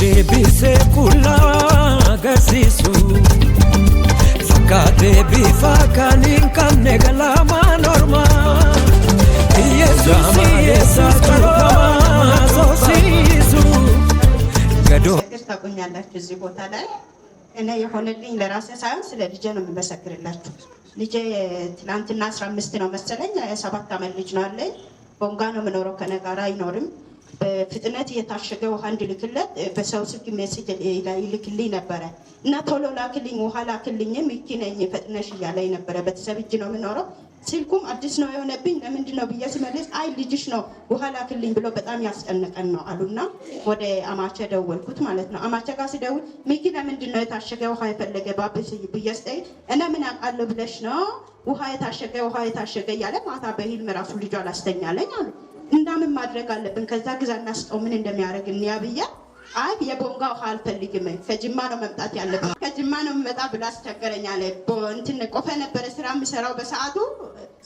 deebisee qullaa agarsiisu fakka deebiifaa kan hin qabne galaamaa normaa ታውቁኛላችሁ እዚህ ቦታ ላይ እኔ የሆነልኝ ለራሴ ሳይሆን ስለ ልጄ ነው የምመሰክርላችሁ። ልጄ ትናንትና አስራ አምስት ነው መሰለኝ ሰባት ዓመት ልጅ ነው አለኝ። ቦንጋ ነው የምኖረው፣ ከነጋራ አይኖርም በፍጥነት የታሸገ ውሃ እንድልክለት በሰው ስልክ ሜሴጅ ይልክልኝ ነበረ እና ቶሎ ላክልኝ፣ ውሃ ላክልኝም ይኪነኝ ፈጥነሽ እያለኝ ነበረ። ቤተሰብ እጅ ነው የምኖረው። ስልኩም አዲስ ነው የሆነብኝ። ለምንድ ነው ብዬ ስመልስ አይ ልጅሽ ነው ውሃ ላክልኝ ብሎ በጣም ያስጨነቀን ነው አሉና ወደ አማቸ ደወልኩት ማለት ነው። አማቸ ጋር ሲደውል ሚኪ ለምንድ ነው የታሸገ ውሃ የፈለገ ባብስ ብዬ ስጠይቅ እኔ ምን አውቃለሁ ብለሽ ነው ውሃ የታሸገ ውሃ የታሸገ እያለ ማታ በህልም ራሱ ልጇ ላስተኛለኝ አሉ። እንዳምን ማድረግ አለብን። ከዛ ግዛ እናስጠው ምን እንደሚያደርግ እንያ ብያ አይ የቦንጋ ውሃ አልፈልግም፣ ከጅማ ነው መምጣት ያለብን። ከጅማ ነው የምመጣ ብሎ አስቸገረኝ አለ። እንትን ቆፈ ነበረ ስራ የምሰራው በሰዓቱ።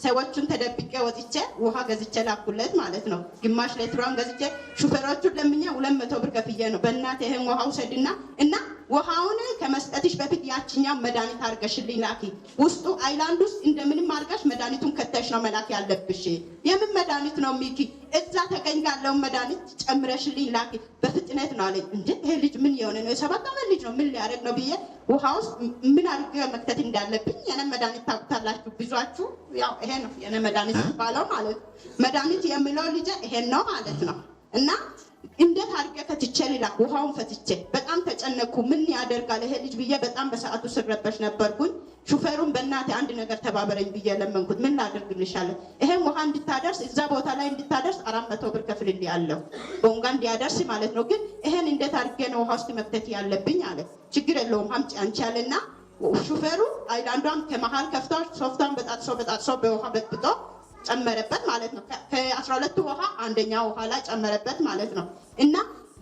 ሰዎቹን ተደብቄ ወጥቼ ውሃ ገዝቼ ላኩለት ማለት ነው። ግማሽ ሌትሯን ገዝቼ ሹፌሮቹን ለምኜ ሁለት መቶ ብር ከፍዬ ነው በእናትህ ይህን ውሃ ውሰድና እና ውሃውን ከመስጠትሽ በፊት ያችኛው መድኃኒት አድርገሽልኝ ላኪ። ውስጡ አይላንድ ውስጥ እንደምንም አድርገሽ መድኃኒቱን ከተሽ ነው መላክ ያለብሽ። የምን መድኃኒት ነው ሚኪ? እዛ ተቀኝ ያለውን መድኃኒት ጨምረሽልኝ ላኪ በፍጥነት ነው አለኝ። እንደ ይሄ ልጅ ምን የሆነ ነው? የሰባት ዓመት ልጅ ነው። ምን ሊያደርግ ነው ብዬ ውሃ ውስጥ ምን አድርገ መክተት እንዳለብኝ የነ መድኃኒት ታውቁታላችሁ ብዙችሁ። ያው ይሄ ነው የነ መድኃኒት ይባለው ማለት መድኃኒት የሚለው ልጅ ይሄን ነው ማለት ነው እና እንዴት አድርጌ ፈትቼ ሌላ ውሃውን ፈትቼ በጣም ተጨነኩ። ምን ያደርጋል ይሄ ልጅ ብዬ በጣም በሰዓቱ ስረበሽ ነበርኩኝ። ሹፌሩን በእናቴ አንድ ነገር ተባበረኝ ብዬ ለመንኩት። ምን ላድርግልሻለሁ? ይሄም ውሃ እንድታደርስ እዛ ቦታ ላይ እንድታደርስ አራት መቶ ብር ከፍልል ያለው ቦንጋ እንዲያደርስ ማለት ነው። ግን ይሄን እንዴት አድርጌ ነው ውሃ ውስጥ መክተት ያለብኝ አለ። ችግር የለውም ሀምጪ አንቺ አለና ሹፌሩ አይላንዷን ከመሀል ከፍቷ ሶፍቷን በጣጥሶ በጣጥሶ በውሃ በጥብጦ ጨመረበት ማለት ነው። ከአስራ ሁለቱ ውሃ አንደኛ ውሃ ላይ ጨመረበት ማለት ነው። እና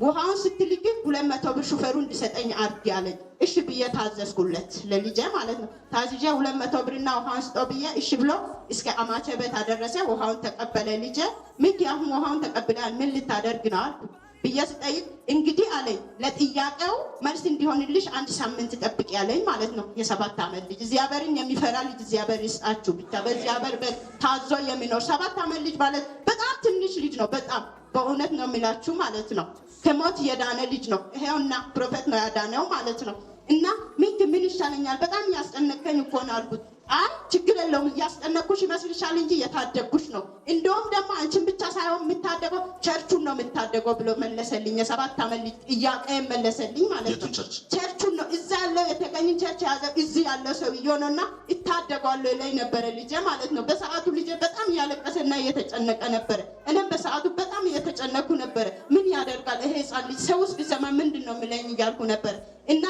ውሃውን ስትልግ ሁለት መቶ ብር ሹፌሩ እንድሰጠኝ አድርግ ያለኝ፣ እሺ ብዬ ታዘዝኩለት ለልጄ ማለት ነው። ታዝዤ ሁለት መቶ ብርና ውሃውን ስጦ ብዬ እሺ ብሎ እስከ አማቼ ቤት አደረሰ። ውሃውን ተቀበለ ልጄ። ምን አሁን ውሃውን ተቀብላል፣ ምን ልታደርግ ነው አልኩ። ብዬ ስጠይቅ እንግዲህ አለኝ ለጥያቄው መልስ እንዲሆንልሽ አንድ ሳምንት ጠብቅ ያለኝ ማለት ነው። የሰባት ዓመት ልጅ እግዚአብሔርን የሚፈራ ልጅ እግዚአብሔር ይስጣችሁ ብቻ። በእግዚአብሔር ታዞ የሚኖር ሰባት ዓመት ልጅ ማለት በጣም ትንሽ ልጅ ነው። በጣም በእውነት ነው የሚላችሁ ማለት ነው። ከሞት የዳነ ልጅ ነው። ይሄውና ፕሮፌት ነው ያዳነው ማለት ነው። እና ምን ምን ይሻለኛል በጣም ያስጨነቀኝ እኮ ነው አልኩት። አይ ችግር የለውም እያስጠነኩሽ ይመስልሻል እንጂ የታደግኩሽ ነው። እንደውም ደግሞ አንቺን ብቻ ሳይሆን የምታደገው ቸርቹን ነው የምታደገው ብሎ መለሰልኝ። የሰባት ዓመት ልጅ ጥያቄ መለሰልኝ ማለት ነው። ቸርቹን ነው እዛ ያለው የተገኝ ቸርች ያዘ እዚህ ያለው ሰውዬው ነው እና እታደጓለሁ ላይ ነበረ ልጄ ማለት ነው። በሰዓቱ ልጄ በጣም እያለቀሰና እየተጨነቀ ነበረ። እኔም በሰዓቱ በጣም እየተጨነኩ ነበረ። ምን ያደርጋል ይሄ ህፃን ልጅ ሰው ውስጥ ቢሰማ ምንድን ነው ምለኝ እያልኩ ነበረ እና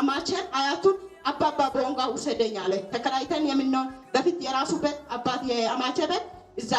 አማቸር አያቱን አባባ ቦንጋ ውሰደኝ አለ። ተከራይተን የምንሆን በፊት የራሱ ቤት አባት የአማቼ ቤት እዛ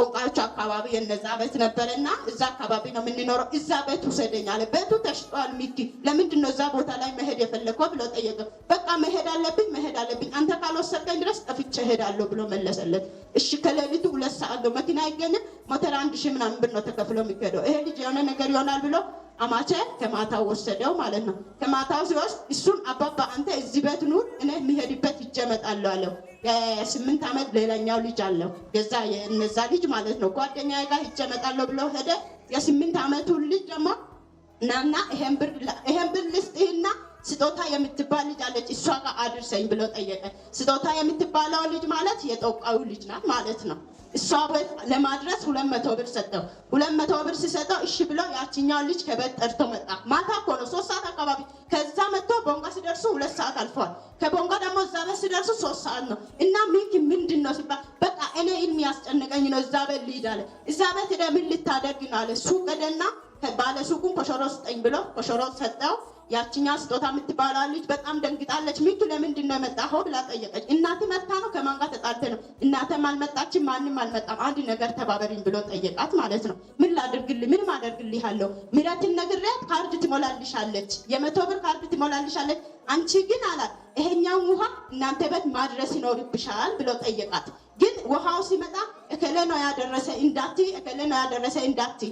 ጦንቃዮች አካባቢ የነዛ ቤት ነበረ እና እዛ አካባቢ ነው የምንኖረው። እዛ ቤት ውሰደኝ አለ። ቤቱ ተሽጧል ሚኪ ለምንድን ነው እዛ ቦታ ላይ መሄድ የፈለግከው ብሎ ጠየቀው። በቃ መሄድ አለብኝ መሄድ አለብኝ አንተ ካልወሰድከኝ ድረስ ጠፍቼ እሄዳለሁ ብሎ መለሰለት። እሺ ከሌሊቱ ሁለት ሰዓት ነው መኪና አይገኝም። ሞተር አንድ ሺህ ምናምን ብር ነው ተከፍሎ የሚሄደው። ይሄ ልጅ የሆነ ነገር ይሆናል ብሎ አማቼ ከማታው ወሰደው ማለት ነው። ከማታው ሲወስድ እሱን አባባ አንተ እዚህ ቤት ኑር፣ እኔ የሚሄድበት ይጀመጣለሁ አለው። የስምንት ዓመት ሌላኛው ልጅ አለው የዛ የእነዛ ልጅ ማለት ነው። ጓደኛ ጋር ይጀመጣለሁ ብለው ሄደ። የስምንት ዓመቱን ልጅ ደግሞ ናና ይሄን ብር ልስጥህና ስጦታ የምትባል ልጅ አለች፣ እሷ ጋር አድርሰኝ ብሎ ጠየቀ። ስጦታ የምትባለው ልጅ ማለት የጠቃዩ ልጅ ናት ማለት ነው። እሷ ለማድረስ ሁለት መቶ ብር ሰጠው። ሁለት መቶ ብር ሲሰጠው እሺ ብለው ያችኛውን ልጅ ከቤት ጠርቶ መጣ። ማታ እኮ ነው ሶስት ሰዓት አካባቢ። ከዛ መጥቶ ቦንጋ ሲደርሱ ሁለት ሰዓት አልፏል። ከቦንጋ ደግሞ እዛ ቤት ሲደርሱ ሶስት ሰዓት ነው። እና ሚንክ ምንድን ነው ሲባል በቃ እኔ ህልም ያስጨንቀኝ ነው፣ እዛ ቤት ልሂድ አለ። እዛ ቤት ሄደ ምን ልታደርግ ነው አለ። ሱቅ ሄደና ባለ ሱቁን ኮሸሮ ስጠኝ ብሎ ኮሸሮ ሰጠው። ያችኛ ስጦታ የምትባላ ልጅ በጣም ደንግጣለች። ሚኪ ለምንድን ነው የመጣኸው ብላ ጠየቀች። እናት መታ ነው ከማን ጋር ተጣልተ ነው? እናተም አልመጣችም፣ ማንም አልመጣም። አንድ ነገር ተባበሪኝ ብሎ ጠየቃት ማለት ነው። ምን ላድርግልህ? ምንም ማደርግልህ አለው። ምረትን ነግሬያት ካርድ ትሞላልሻለች፣ የመቶ ብር ካርድ ትሞላልሻለች። አንቺ ግን አላት ይሄኛውን ውሃ እናንተ ቤት ማድረስ ይኖርብሻል ብሎ ጠየቃት። ግን ውሃው ሲመጣ እከሌ ነው ያደረሰ እንዳቲ እከሌ ነው ያደረሰ እንዳትይ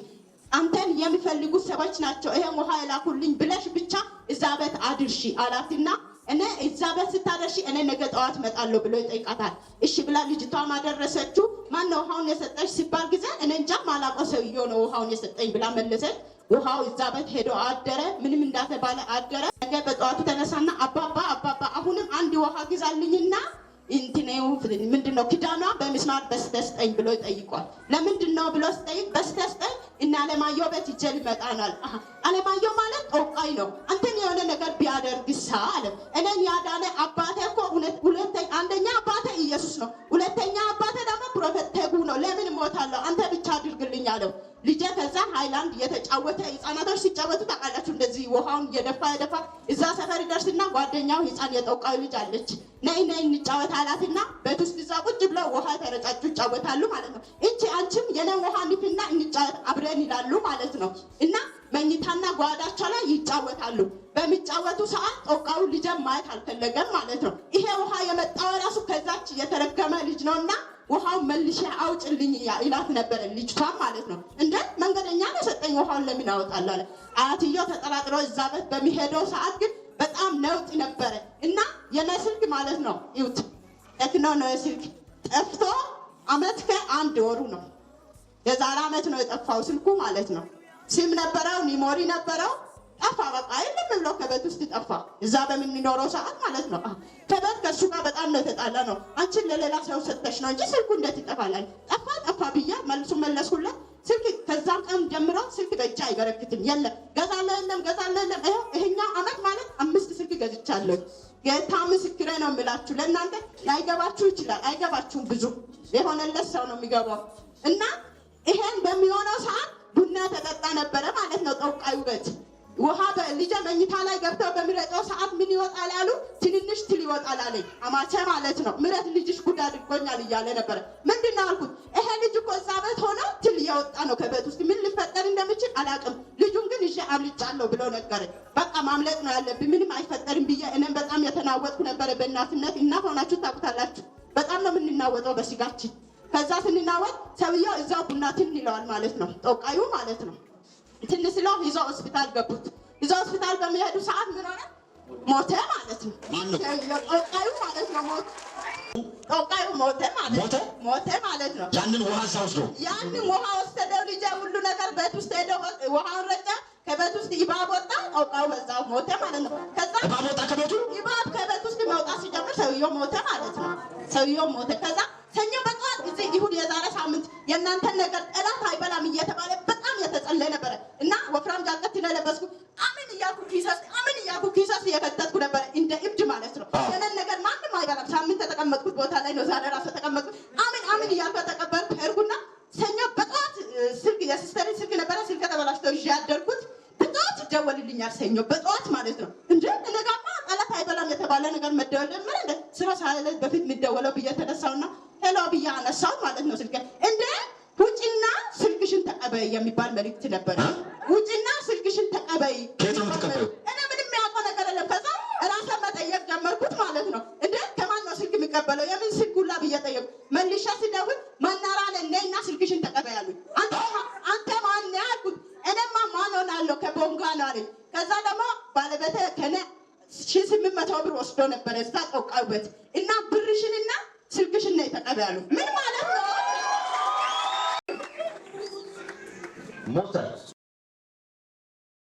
አንተን የሚፈልጉ ሰዎች ናቸው ይሄን ውሃ የላኩልኝ ብለሽ ብቻ እዛ ቤት አድርሺ አላትና እኔ እዛ ቤት ስታደርሺ እኔ ነገ ጠዋት መጣለሁ ብሎ ይጠይቃታል። እሺ ብላ ልጅቷ አደረሰችው። ማነ ውሃውን የሰጠች ሲባል ጊዜ እኔ እንጃ ማላቆ ሰውዬው ነው ውሃውን የሰጠኝ ብላ መለሰች። ውሃው እዛ ቤት ሄዶ አደረ። ምንም እንዳተባለ አደረ። ነገ በጠዋቱ ተነሳና አባባ አባባ አሁንም አንድ ውሃ ግዛልኝና እንትኔው ምንድነው ኪዳኗ በምስማር በስተስጠኝ ብሎ ይጠይቋል። ለምንድነው ብሎ ስጠይቅ በስተስጠኝ እና አለማየሁ ቤት ይዤ ልመጣ አለማየሁ ማለት ጦቃይ ነው። አንተን የሆነ ነገር ቢያደርግሳ አለ። እኔን ያዳነ አባቴ እኮ አንደኛ አባቴ ኢየሱስ ነው። ሁለተኛ አባቴ ደግሞ ፕሮፌት ቴጉ ነው። ለምን ሞታለሁ? አንተ ብቻ አድርግልኝ አለው። ልጄ ከዛ ሃይላንድ የተጫወተ ህፃናቶች ሲጫወቱ ታውቃላችሁ፣ እንደዚህ ውሃውን እየደፋ የደፋ እዛ ሰፈር ደርስና ጓደኛው ህፃን የጠውቃዊ ልጅ አለች። ነይ ነይ እንጫወት አላትና ቤት ውስጥ እዛ ቁጭ ብለው ውሃ ተረጫጩ ይጫወታሉ ማለት ነው። እቺ አንቺም የነ ውሃ ሚትና እንጫወት አብረን ይላሉ ማለት ነው። እና መኝታና ጓዳቸው ላይ ይጫወታሉ። በሚጫወቱ ሰዓት ጠውቃዊ ልጅ ማየት አልፈለገም ማለት ነው። ይሄ ውሃ የመጣው ራሱ ከዛች የተረገመ ልጅ ነውና ውሃውን መልሼ አውጭልኝ ይላት ነበረ፣ ልጅቷ ማለት ነው። እንደ መንገደኛ ነው ሰጠኝ ውሃውን ለምን አወጣለሁ አያትየው ተጠራጥሮ እዛ ቤት በሚሄደው ሰዓት ግን በጣም ነውጥ ነበረ እና የኔ ስልክ ማለት ነው ይውት ቴክኖ ነው የስልክ ጠፍቶ አመት ከአንድ ወሩ ነው። የዛሬ አመት ነው የጠፋው ስልኩ ማለት ነው። ሲም ነበረው ሚሞሪ ነበረው ጠፋ። በቃ የለም ብሎ ከቤት ውስጥ ጠፋ። እዛ በምንኖረው ሰዓት ማለት ነው። ከቤት ከእሱ ጋር በጣም ነው የተጣላ ነው። አንቺን ለሌላ ሰው ሰጥተሽ ነው እንጂ ስልኩ እንዴት ይጠፋላል? ጠፋ ጠፋ ብዬ መልሱ መለስኩለት። ስልክ ከዛም ቀን ጀምሮ ስልክ በእጄ አይበረክትም። የለም ገዛለሁ፣ የለም ገዛለሁ፣ የለም ይሄኛ አመት ማለት አምስት ስልክ ገዝቻለሁ። ጌታ ምስክሬ ነው የምላችሁ። ለእናንተ ላይገባችሁ ይችላል፣ አይገባችሁም። ብዙ የሆነለት ሰው ነው የሚገባው። እና ይሄን በሚሆነው ሰዓት ቡና ተጠጣ ነበረ ማለት ነው ጠውቃዩ ቤት ውሃ ልጄ መኝታ ላይ ገብተው በሚረጠው ሰዓት ምን ይወጣል ያሉ ትንንሽ ትል ይወጣል አለኝ። አማቸ ማለት ነው። ምረት ልጅሽ ጉድ አድርጎኛል እያለ ነበረ። ምንድን ነው አልኩት። ይሄ ልጅ እኮ እዛ ቤት ሆነ ትል እያወጣ ነው ከቤት ውስጥ። ምን ልፈጠር እንደምችል አላውቅም። ልጁን ግን ይዤ አምልጫለሁ ብሎ ነገረ በቃ ማምለጥ ነው ያለብኝ፣ ምንም አይፈጠርም ብዬ እኔም በጣም የተናወጥኩ ነበረ። በእናትነት እናት ሆናችሁ ታውቁታላችሁ። በጣም ነው የምንናወጠው በስጋችን። ከዛ ስንናወጥ ሰውየው እዛው ትን ይለዋል ማለት ነው፣ ጠውቃዩ ማለት ነው ትንሽ ለው ይዞ ሆስፒታል ገቡት። ይዞ ሆስፒታል በሚሄዱ ሰዓት ምን ሆነ? ሞተ ማለት ነው። ማለት ሞተ ማለት ነው። ያንን ውሃ ሳውስዶ ያንን ውሃ ወሰደው። ልጄ ሁሉ ነገር ቤት ውስጥ ሄደ። ውሃውን ረጨ። ከቤት ውስጥ ወጣ። ሞተ ማለት ነው። ከዛ ወጣ ከቤቱ ከቤት ውስጥ መውጣት ሲጀምር ሰውየው ሞተ ማለት ነው። ሰውየው ሞተ። ከዛ ሰኞ በጠዋት ጊዜ ይሁን የዛሬ ሳምንት የእናንተን ነገር ጠላት አይበላም እየተባለ የተጸለየ ነበረ እና ወፍራም ጃኬት ለለበስኩ አሜን እያልኩ ኪሰስ አሜን እያልኩ ኪሰስ እየከተትኩ ነበረ እንደ እብድ ማለት ነው። ያንን ነገር ማንም አይበላም። ሳምንት ተቀመጥኩት ቦታ ላይ ነው ዛሬ ራሱ ተቀመጥኩት። አሜን አሜን እያልኩ ተቀበልኩ። ሄድኩና ሰኞ በጠዋት ስልክ የሲስተሪ ስልክ ነበረ ስልክ ተበላሽቶ ይዤ ያደርኩት በጠዋት ይደወልልኛል። ሰኞ በጠዋት ማለት ነው እንጂ እነጋማ ጠላት አይበላም የተባለ ነገር መደወል ጀመረ። እንደ ስራ ሳለት በፊት የሚደወለው ብዬ ተነሳውና ሄሎ ብዬ አነሳው ማለት ነው ስልክ እንደ ውጭና ተቀበይ የሚባል መልእክት ነበር። ውጭና ስልክሽን ተቀበይ። እኔ ምንም የሚያውቀው ነገር የለም። ከዛ ራሴ መጠየቅ ጀመርኩት ማለት ነው። እንደ ከማን ነው ስልክ የሚቀበለው? የምን ስልክ ሁላ ብዬ ጠየቁ። መልሼ ስደውል መናራ ነኝ እና ስልክሽን ተቀበይ አሉኝ። አንተ ማን ያልኩት? እኔማ ማን ሆናለሁ ከቦንጋ ነው አለኝ። ከዛ ደግሞ ባለቤተ ከነ ሺህ ስምንት መቶ ብር ወስዶ ነበረ እዛ ቆቃውበት እና ብርሽንና ስልክሽን ነው የተቀበያሉ ምን ማለት Mozart,